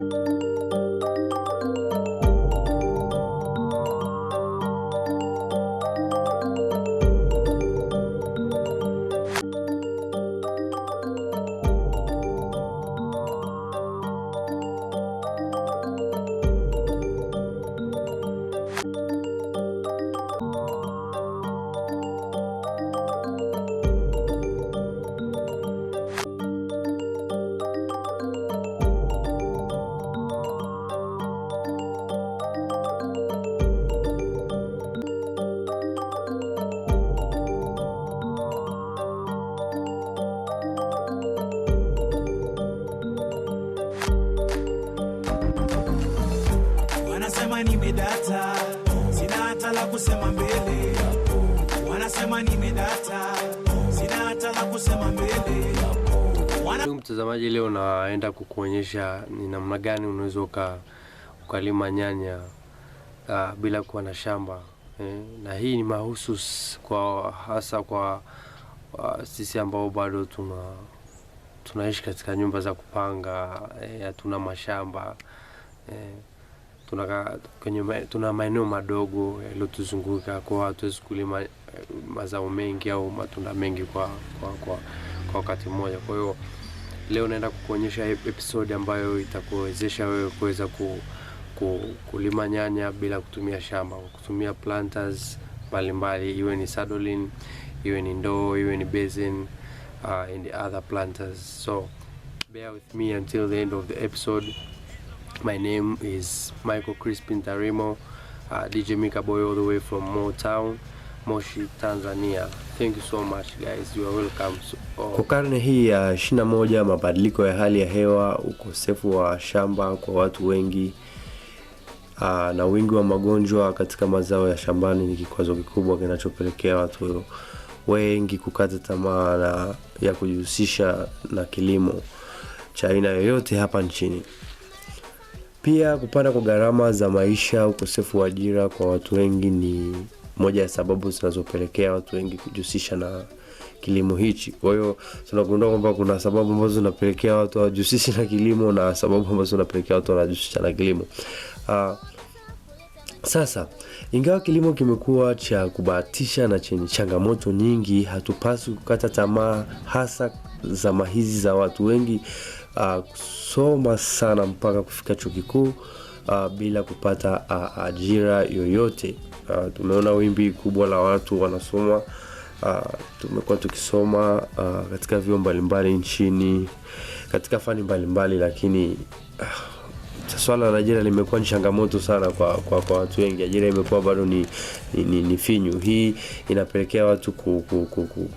Música Mtazamaji, leo naenda kukuonyesha ni namna gani unaweza ukalima nyanya uh, bila kuwa na shamba eh, na hii ni mahusus kwa hasa kwa uh, sisi ambao bado tuna tunaishi katika nyumba za kupanga, eh, hatuna eh, mashamba eh tuna, maeneo madogo yaliyotuzunguka kwa hatuwezi kulima eh, mazao mengi au matunda mengi kwa, kwa, kwa, kwa wakati mmoja. Kwa hiyo leo naenda kukuonyesha episodi ambayo itakuwezesha wewe kuweza ku, ku, kulima nyanya bila kutumia shamba kwa kutumia planters mbalimbali, iwe ni sadolin iwe ni ndoo, iwe ni basin uh, and other planters. So bear with me until the end of the episode. My name is Michael Crispin Tarimo, uh, DJ Mika Boy all the way from Motown, Moshi, Tanzania. Thank you so much guys. You are welcome. So, oh. Kwa karne hii ya moja, mabadiliko ya hali ya hewa, ukosefu wa shamba kwa watu wengi uh, na wingi wa magonjwa katika mazao ya shambani ni kikwazo kikubwa kinachopelekea watu wengi kukata tamaa na ya kujihusisha na kilimo cha aina yoyote hapa nchini. Pia kupanda kwa gharama za maisha, ukosefu wa ajira kwa watu wengi ni moja ya sababu zinazopelekea watu wengi kujihusisha na kilimo hichi. Kwa hiyo tunagundua kwamba kuna sababu ambazo zinapelekea watu hawajihusishi na kilimo na sababu ambazo zinapelekea watu wanajihusisha na kilimo. Uh, sasa ingawa kilimo kimekuwa cha kubahatisha na chenye changamoto nyingi, hatupaswi kukata tamaa, hasa zama hizi za watu wengi uh, kusoma sana mpaka kufika chuo kikuu uh, bila kupata uh, ajira yoyote uh, tumeona wimbi kubwa la watu wanasoma uh, tumekuwa tukisoma uh, katika vio mbalimbali nchini katika fani mbalimbali lakini uh, swala la ajira limekuwa ni changamoto sana kwa, kwa, kwa watu wengi. Ajira imekuwa bado ni, ni, ni, ni finyu. Hii inapelekea watu ku, ku, ku, ku,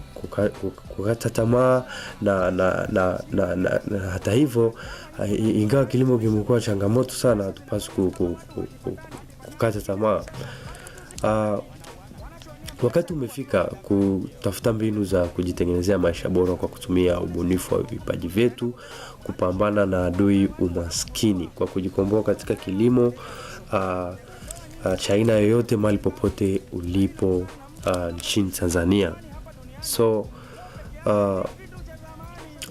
kukata tamaa na, na, na, na, na, na hata hivyo ah, ingawa kilimo kimekuwa changamoto sana, hatupasi kukata tamaa. Uh, wakati umefika kutafuta mbinu za kujitengenezea maisha bora kwa kutumia ubunifu wa vipaji vyetu, kupambana na adui umaskini kwa kujikomboa katika kilimo uh, uh, cha aina yoyote, mali popote ulipo uh, nchini Tanzania so uh,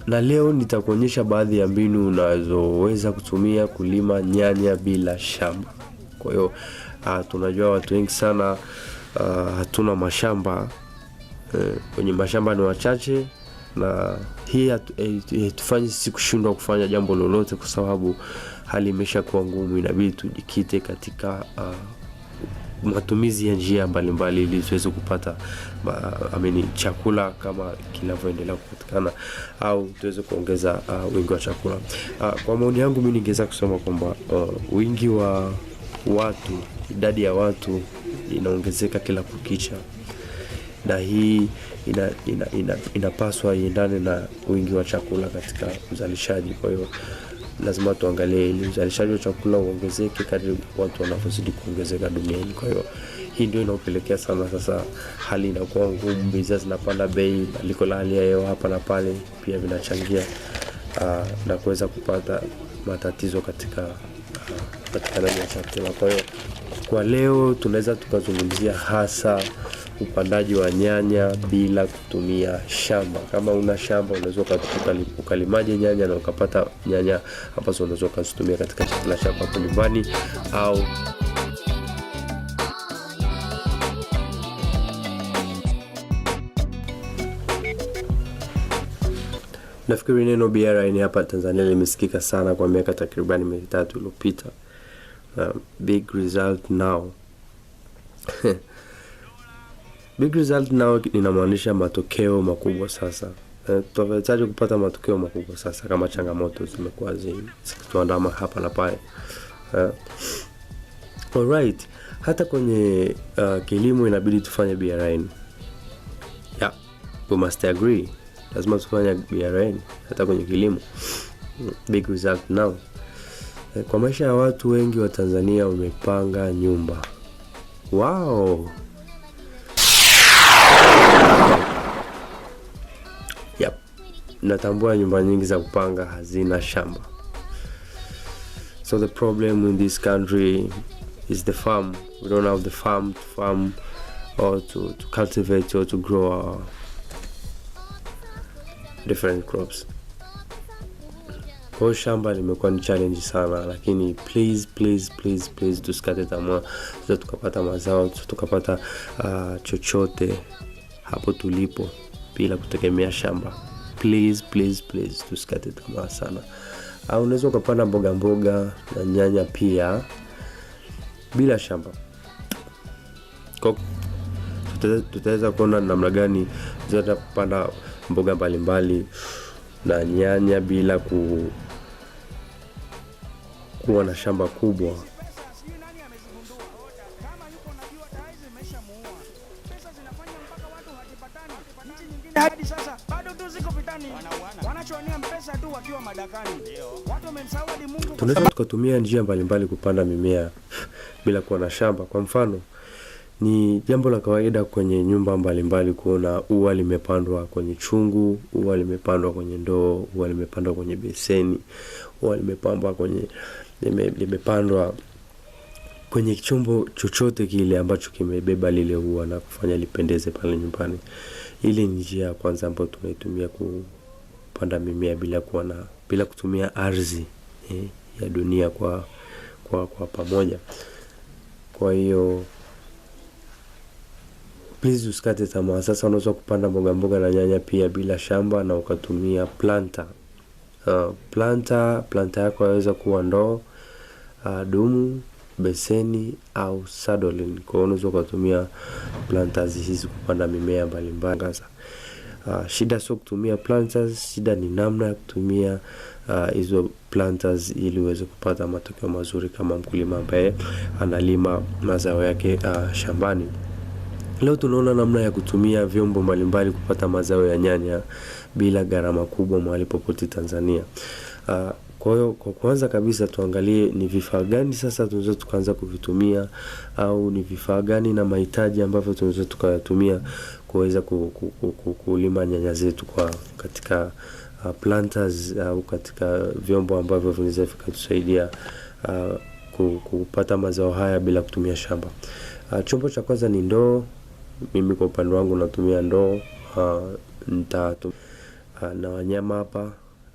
na leo nitakuonyesha baadhi ya mbinu unazoweza kutumia kulima nyanya bila shamba. Kwa hiyo uh, tunajua watu wengi sana uh, hatuna mashamba kwenye eh, uh, mashamba ni wachache, na hii eh, hatufanyi sisi kushindwa kufanya jambo lolote, kwa sababu hali imesha kuwa ngumu, inabidi tujikite katika uh, matumizi ya njia mbalimbali ili tuweze kupata amini, chakula kama kinavyoendelea kupatikana au tuweze kuongeza uh, wingi wa chakula uh, kwa maoni yangu mi ningeweza kusema kwamba uh, wingi wa watu idadi ya watu inaongezeka kila kukicha na hii ina, ina, ina, inapaswa iendane na wingi wa chakula katika uzalishaji kwa hiyo lazima tuangalie ili uzalishaji wa chakula uongezeke kadri watu wanavyozidi kuongezeka duniani. Kwa hiyo hii ndio inaopelekea sana sasa hali inakuwa ngumu, bidhaa zinapanda bei, baliko la hali ya hewa hapa na pale pia vinachangia uh, na kuweza kupata matatizo katika upatikanaji ah, uh, wa chakula. Kwa hiyo kwa leo tunaweza tukazungumzia hasa upandaji wa nyanya bila kutumia shamba. Kama una shamba unaweza ukalimaje nyanya na ukapata nyanya ambazo unaweza ukazitumia katika chakula chako hapo nyumbani au Nafikiri neno BRN hapa Tanzania limesikika sana kwa miaka takribani mitatu iliyopita. Uh, big result now Big result nao inamaanisha matokeo makubwa sasa. E, eh, tunahitaji kupata matokeo makubwa sasa kama changamoto zimekuwa zikituandama hapa na pale? Eh, alright, hata kwenye uh, kilimo inabidi tufanye BRN. Yeah, we must agree, lazima tufanye BRN hata kwenye kilimo. Big result now kwa maisha ya watu wengi wa Tanzania wamepanga nyumba wow natambua nyumba nyingi za kupanga hazina shamba so the problem in this country is the farm we don't have the farm to farm or to, to cultivate or to grow our different crops kwao shamba limekuwa ni challenge sana lakini please please please please tusikate tamaa tuta tukapata mazao tuta tukapata uh, chochote hapo tulipo bila kutegemea shamba please please please tusikate tamaa sana au ah, unaweza ukapanda mboga mboga na nyanya pia bila shamba tutaweza kuona namna gani tunaweza kupanda mboga mbalimbali mbali, na nyanya bila ku kuwa na shamba kubwa Tunaweza tukatumia njia mbalimbali kupanda mimea bila kuwa na shamba. Kwa mfano, ni jambo la kawaida kwenye nyumba mbalimbali kuona ua limepandwa kwenye chungu, ua limepandwa kwenye ndoo, ua limepandwa kwenye beseni, ua limepandwa kwenye limepandwa kwenye chombo chochote kile ambacho kimebeba lile ua na kufanya lipendeze pale nyumbani. Ile ni njia ya kwanza ambayo tunaitumia kupanda mimea bila kuwa na bila kutumia ardhi. eh ya dunia kwa, kwa, kwa pamoja kwa hiyo please usikate tamaa sasa unaweza kupanda mboga mboga na nyanya pia bila shamba na ukatumia planta uh, planta planta yako yaweza kuwa ndoo uh, dumu beseni au sadolin kwa hiyo unaweza ukatumia plantas hizi kupanda mimea mbalimbali Uh, shida sio kutumia planters, shida ni namna ya kutumia ah, hizo uh, planters ili uweze kupata matokeo mazuri kama mkulima ambaye analima mazao yake uh, shambani. Leo tunaona namna ya kutumia vyombo mbalimbali kupata mazao ya nyanya bila gharama kubwa mahali popote Tanzania. Uh, kwa hiyo kwa kwanza kabisa tuangalie ni vifaa gani sasa tunaweza tukaanza kuvitumia au ni vifaa gani na mahitaji ambavyo tunaweza tukayatumia kuweza kulima nyanya zetu kwa katika uh, planters uh, au uh, katika vyombo ambavyo vinaweza vikatusaidia uh, kupata mazao haya bila kutumia shamba. Uh, chombo cha kwanza ni ndoo. Mimi kwa upande wangu natumia ndoo uh, ntatu uh, na wanyama hapa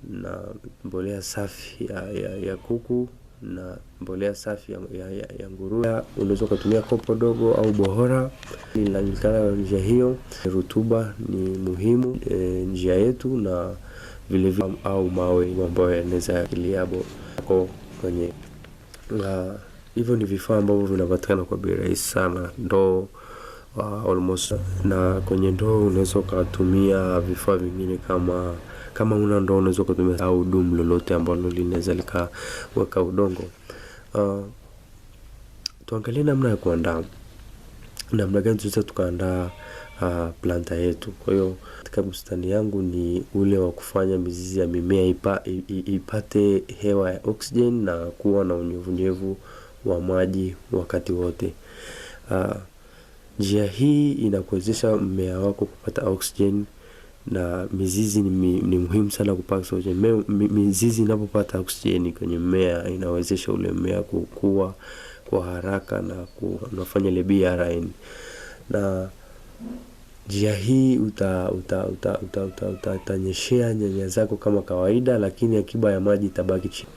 na mbolea safi ya, ya, ya kuku na mbolea safi ya, ya, ya, ya nguruwe. Unaweza ukatumia kopo dogo au bohora, inajulikana njia hiyo. Rutuba ni muhimu e, njia yetu na vilevile au mawe ambayo yanaweza kiliabo kwenye na hivyo ni vifaa ambavyo vinapatikana kwa bei rahisi sana, ndoo uh, almost na kwenye ndoo unaweza ukatumia vifaa vingine kama kama una ndoo unaweza kutumia au dumu lolote ambalo linaweza likaweka udongo. Uh, tuangalie namna ya kuandaa, namna gani tunaweza tukaandaa uh, ah, planta yetu. Kwa hiyo katika bustani yangu ni ule wa kufanya mizizi ya mimea ipa, ipate hewa ya oxygen na kuwa na unyevunyevu wa maji wakati wote. Uh, njia hii inakuwezesha mmea wako kupata oxygen na mizizi ni, ni muhimu sana kupata oksijeni. Mizizi inapopata oksijeni kwenye mmea inawezesha ule mmea kukua kwa haraka na unafanya ile BRN na njia hii utanyeshea uta, uta, uta, uta, uta, uta, nyanya zako kama kawaida, lakini akiba ya maji itabaki chini.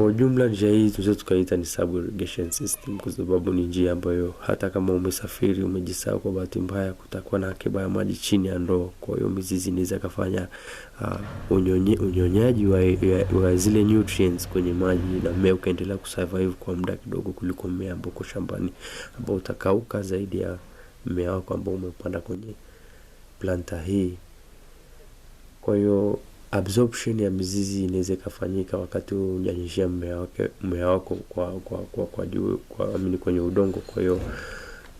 Kwa ujumla njia hii tunaweza tukaita ni sub irrigation system kwa sababu ni njia ambayo hata kama umesafiri umejisaa kwa bahati mbaya kutakuwa na akiba ya maji chini ya ndoo. Kwa hiyo mizizi inaweza kafanya uh, unyonye, unyonyaji wa, wa, wa zile nutrients kwenye maji na mmea ukaendelea kusurvive kwa muda kidogo kuliko mmea ambao uko shambani ambao utakauka zaidi ya mmea wako ambao umepanda kwenye planta hii. Kwa hiyo absorption ya mizizi inaweza ikafanyika wakati hujanyeshea mmea wako kwa kwa kwa kwa juu kwa amini kwenye udongo. Kwa hiyo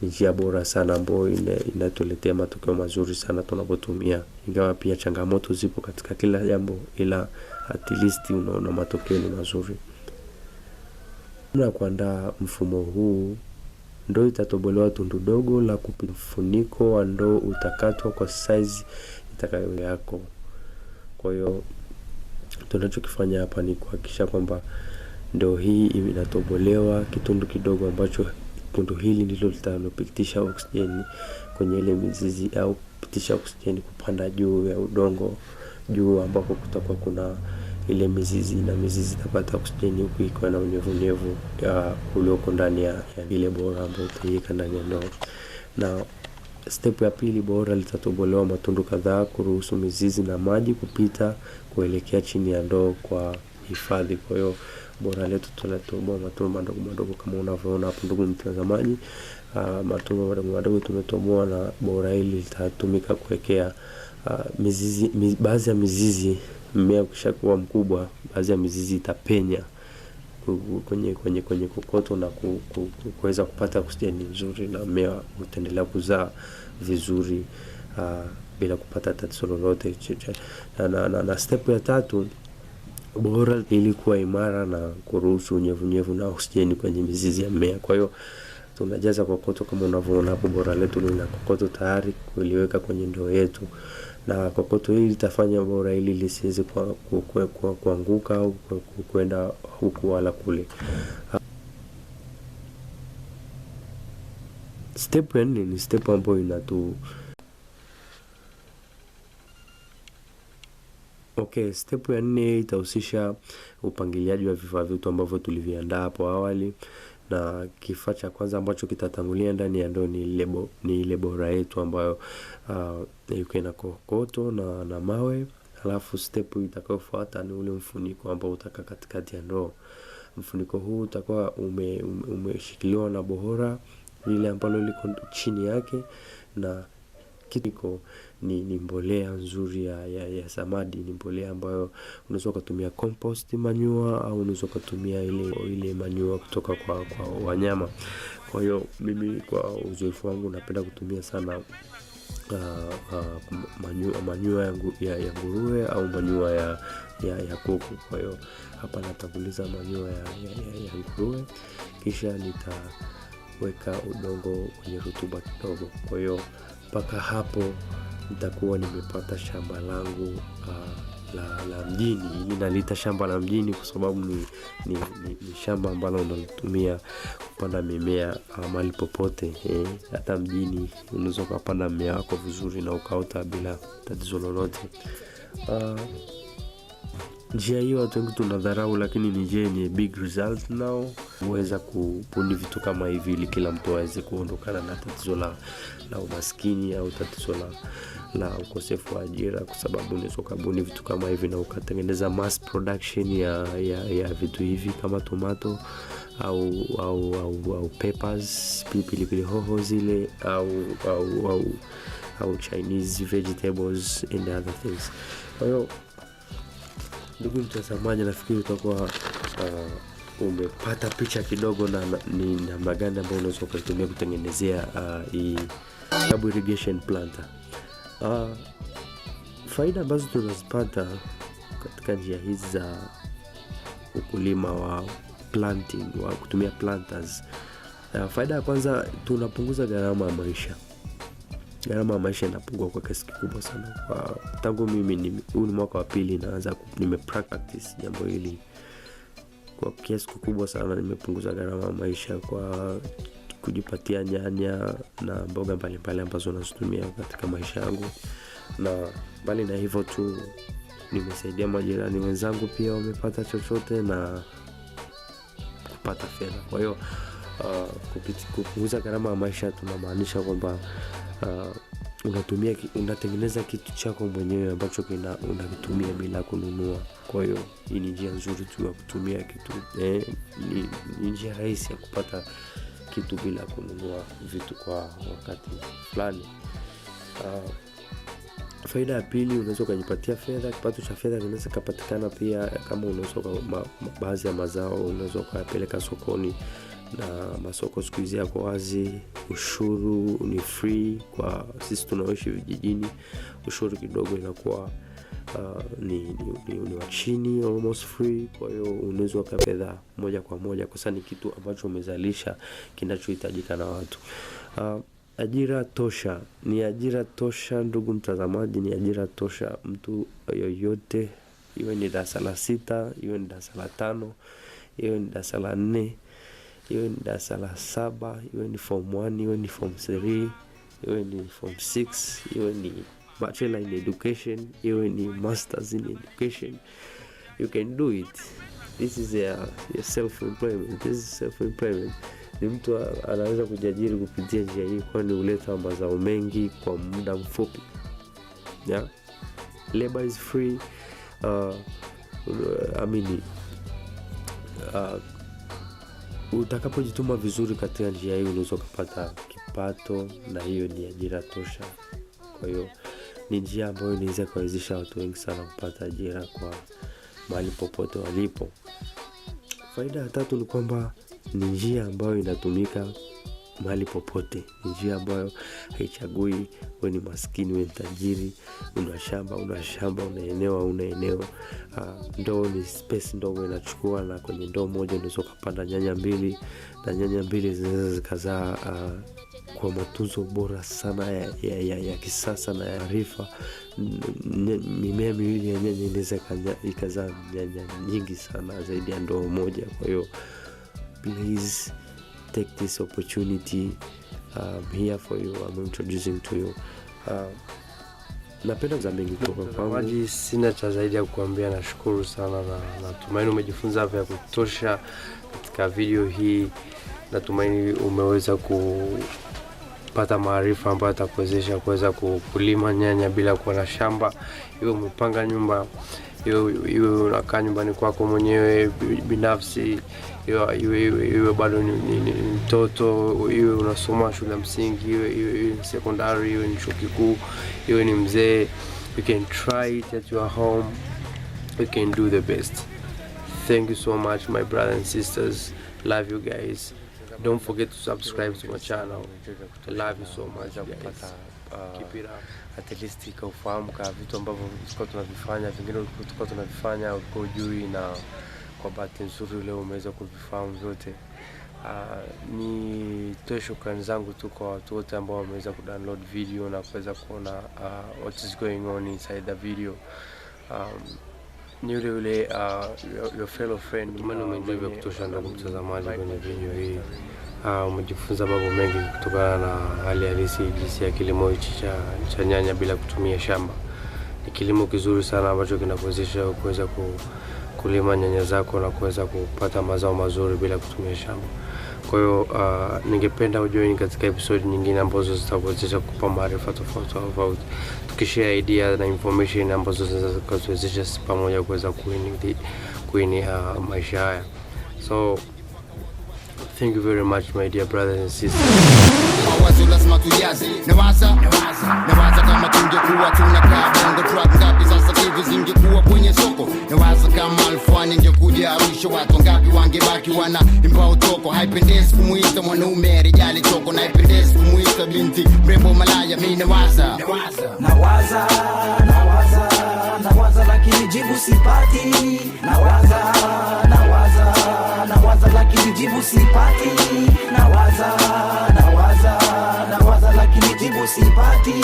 ni njia bora sana ambayo inatuletea matokeo mazuri sana tunapotumia, ingawa pia changamoto zipo katika kila jambo, ila at least unaona matokeo ni mazuri. Na kuandaa mfumo huu, ndoo itatobolewa tundu dogo la kufuniko wa ndoo utakatwa kwa size itakayo yako. Kwa hiyo tunachokifanya hapa ni kuhakikisha kwamba ndoo hii inatobolewa kitundu kidogo ambacho tundu hili ndilo litalopitisha oksijeni kwenye ile mizizi au kupitisha oksijeni kupanda juu ya udongo, juu ambako kutakuwa kuna ile mizizi na mizizi itapata oksijeni huku ikiwa na unyevunyevu ulioko ndani ya ile bora ambayo utaiweka ndani ya ndoo na Step ya pili, bora litatobolewa matundu kadhaa kuruhusu mizizi na maji kupita kuelekea chini ya ndoo kwa hifadhi. Kwa hiyo bora letu tunatoboa matundu madogo madogo kama unavyoona hapo, ndugu mtazamaji, ah, matundu madogo madogo tumetoboa, na bora hili litatumika kuwekea ah, mizizi. Baadhi ya mizizi, mmea ukishakuwa mkubwa, baadhi ya mizizi itapenya kwenye, kwenye, kwenye kokoto na kuweza kupata oksijeni nzuri na mmea utaendelea kuzaa vizuri uh, bila kupata tatizo lolote na, na, na, na step ya tatu bora ili kuwa imara na kuruhusu unyevunyevu na oksijeni kwenye mizizi ya mmea. Kwa hiyo tunajaza kokoto kama unavyoona hapo, bora letu lina kokoto tayari kuliweka kwenye ndoo yetu na kokoto hii litafanya bora ili lisiweze kuanguka au kwenda huku wala kule. Step ya nne ni step ambayo inatu Okay, step ya nne itahusisha upangiliaji wa vifaa vyetu ambavyo tuliviandaa hapo awali na kifaa cha kwanza ambacho kitatangulia ndani ya ndoo ni ile ni ile bora yetu ambayo uh, ah, na kokoto na, na mawe alafu step itakayofuata ni ule mfuniko ambao utaka katikati ya ndoo mfuniko huu utakuwa umeshikiliwa ume na bohora lile ambalo liko chini yake na kitiko ni, ni mbolea nzuri ya, ya, ya samadi. Ni mbolea ambayo unaweza ukatumia compost manyua au unaweza ukatumia ile, ile manyua kutoka kwa, kwa wanyama. Kwa hiyo mimi kwa uzoefu wangu napenda kutumia sana Uh, uh, manyua ya, ya nguruwe au manyua ya, ya, ya kuku. Kwa hiyo hapa natanguliza manyua ya, ya, ya nguruwe, kisha nitaweka udongo wenye rutuba kidogo. Kwa hiyo mpaka hapo nitakuwa nimepata shamba langu uh, la, la mjini ili nalita shamba la mjini kwa sababu ni, ni, ni, ni shamba ambalo unalitumia kupanda mimea ah, mali popote eh. Hata mjini unaweza ukapanda mmea wako vizuri na ukaota bila tatizo lolote uh, Njia hiyo watu wengi tunadharau, lakini ni njia yenye big result nao huweza kubuni vitu kama hivi, ili kila mtu aweze kuondokana na tatizo la, la umaskini au tatizo la, la ukosefu wa ajira, kwa sababu unaweza ukabuni vitu kama hivi na ukatengeneza mass production ya, ya, ya vitu hivi kama tomato au au au, au peppers pilipili hoho zile au au, au, au Chinese vegetables and other things kwa hiyo Ndugu mtazamaji, nafikiri utakuwa uh, umepata picha kidogo na, na ni namna gani ambayo unaweza ukaitumia kutengenezea uh, hii irrigation planter. Uh, faida ambazo tunazipata katika njia hizi za ukulima wa planting wa kutumia planters. Uh, faida ya kwanza tunapunguza gharama ya maisha gharama ya maisha inapungua kwa kiasi kikubwa sana kwa tangu mimi huu ni mwaka wa pili naanza nime jambo hili kwa kiasi kikubwa sana nimepunguza gharama ya maisha kwa kujipatia nyanya na mboga mbalimbali ambazo nazitumia katika maisha yangu na mbali na hivyo tu nimesaidia majirani wenzangu pia wamepata chochote na kupata fedha kwa hiyo uh, kupunguza gharama ya maisha tunamaanisha kwamba Uh, unatumia unatengeneza kitu chako mwenyewe ambacho kina unakitumia bila kununua. Kwa hiyo hii ni njia nzuri tu ya kutumia kitu eh, ni, ni njia rahisi ya kupata kitu bila kununua vitu kwa wakati fulani. Uh, faida ya pili, unaweza ukajipatia fedha. Kipato cha fedha kinaweza kapatikana pia kama unaweza baadhi ya mazao, unaweza ukayapeleka sokoni na masoko siku hizi yako wazi, ushuru ni free. Kwa sisi tunaoishi vijijini, ushuru kidogo inakuwa Uh, ni, ni, ni, ni wa chini almost free. Kwa hiyo unaweza ukawa fedha moja kwa moja, kwa sababu ni kitu ambacho umezalisha kinachohitajika na watu. Uh, ajira tosha, ni ajira tosha, ndugu mtazamaji, ni ajira tosha. Mtu yoyote, iwe ni darasa la sita, iwe ni darasa la tano, iwe ni darasa la nne iwe ni darasa la saba, iwe ni form 1, iwe ni form 3, iwe ni form 6, iwe ni bachelor in education, iwe ni masters in education, you can do it. This is a, a self employment. This is self employment ni mtu anaweza kujiajiri kupitia njia hii, kwani huleta mazao mengi kwa muda mfupi. Yeah? Labor is free. Uh, I mean, uh, Utakapojituma vizuri katika njia hii, unaweza ukapata kipato, na hiyo ni ajira tosha. Kwa hiyo ni njia ambayo inaweza kuwawezesha watu wengi sana kupata ajira kwa mahali popote walipo. Faida ya tatu ni kwamba ni njia ambayo inatumika mahali popote. Njia ambayo haichagui we ni maskini, we ni tajiri, una shamba, una shamba, unaenewa unaenewa una eneo. Uh, ndoo ni spesi ndogo inachukua, na kwenye ndoo moja unaweza ukapanda nyanya mbili, na nyanya mbili zinaweza zikazaa uh, kwa matunzo bora sana ya, ya, ya, ya kisasa na ya mimea miwili ya nyanya inaweza ikazaa nyanya nyingi sana zaidi ya ndoo moja. Kwa hiyo please take this opportunity um, here for you I'm introducing to you uh, napenda za mengi kutoka kwangu. Sina cha zaidi ya kukuambia, nashukuru sana na natumaini umejifunza vya kutosha katika video hii. Natumaini umeweza kupata maarifa ambayo atakuwezesha kuweza kulima nyanya bila kuwa na shamba, iwe umepanga nyumba iwe unakaa nyumbani kwako mwenyewe binafsi, iwe bado ni mtoto, iwe unasoma shule ya msingi, iwe ni sekondari, iwe ni chuo kikuu, iwe ni mzee, you can try it at your home, you can do the best. Thank you so much my and sisters, love you guys. Don't forget to subscribe to my channel. I love you so much guys uh, at least kaufahamu ka vitu ambavyo tulikuwa tunavifanya, vingine tulikuwa tunavifanya uko juu na kwa bahati nzuri leo umeweza kuvifahamu vyote. Uh, ni nitoe shukrani zangu tu kwa watu wote ambao wameweza kudownload video na kuweza kuona uh, what is going on inside the video um, ni yule yule uh, your your fellow friend. Tumani uh, umeenjoy vya kutosha, ndugu mtazamaji, kwenye video hii. Ah, umejifunza mambo mengi kutokana na hali halisi jinsi ya kilimo hichi cha, cha nyanya bila kutumia shamba. Ni kilimo kizuri sana ambacho kinakuwezesha kuweza ku, kulima nyanya zako na kuweza kupata mazao mazuri bila kutumia shamba. Kwa hiyo uh, ningependa ujoin katika episode nyingine ambazo zitakuwezesha kupa maarifa tofauti tofauti, tukishare idea na information ambazo zitakazotuwezesha sisi pamoja kuweza kuini, kuini uh, maisha haya so Thank you very much my dear brothers and sisters. nawaza kama tungekuwa tunakaa sasa hivi zingekuwa kwenye soko. Nawaza kama alfani ingekuja Arusha, watu ngapi wangebaki wana imba toko Haipendezi kumwita mwanaume arijali toko na kumwita binti mrembo malaya. Mimi nawaza nawaza nawaza lakini jibu sipati, nawaza nawaza nawaza, lakini jibu sipati, nawaza nawaza nawaza, lakini jibu sipati,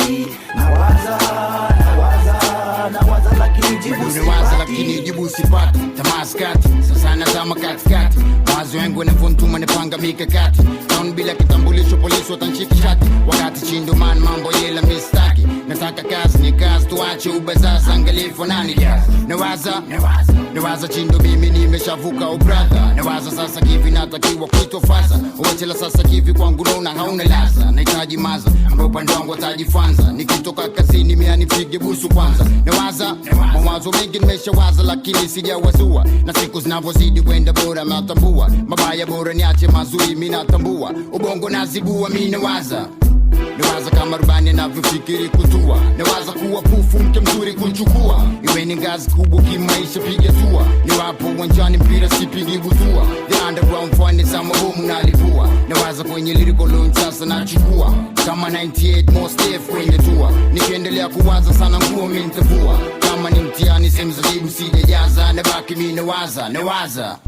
nawaza nimewaza lakini jibu usipati tamaskati sikati, sasa nazama katikati, mawazo yangu yanavontuma, napanga mikakati town bila kitambulisho, polisi watanshika shati, wakati chindoman mambo yela mistaki, nataka kazi ni kazi, tuache ubasasa, angalifu nani jaza, nawaza nawaza chindo, mimi nimeshavuka ubrata, nawaza sasa kivi natakiwa kuitwa fasa, uache sasa kivi kwangu naona hauna lasa, nahitaji maza ambayo upande wangu atajifanza, nikitoka kazini mea busu kwanza, nawaza mawazo mengi nimeshawaza, lakini sijawazua, na siku zinavyozidi kwenda bora natambua mabaya, bora niache mazuri, mi natambua ubongo nazibua, mi nawaza nawaza kama rubani anavyofikiri kutua, nawaza kuwa pufu mke mzuri kuchukua, iwe ni ngazi kubwa kimaisha, piga tua, ni wapo uwanjani mpira sipigi butua, the underground fani za mabomu nalipua, nawaza kwenye liriko lirikolon sasa nachukua kama 98 most def kwenye tua, nikiendelea kuwaza sana nguo mi kama ni mtihani, sehemu za jibu sijajaza, nabaki mi nawaza nawaza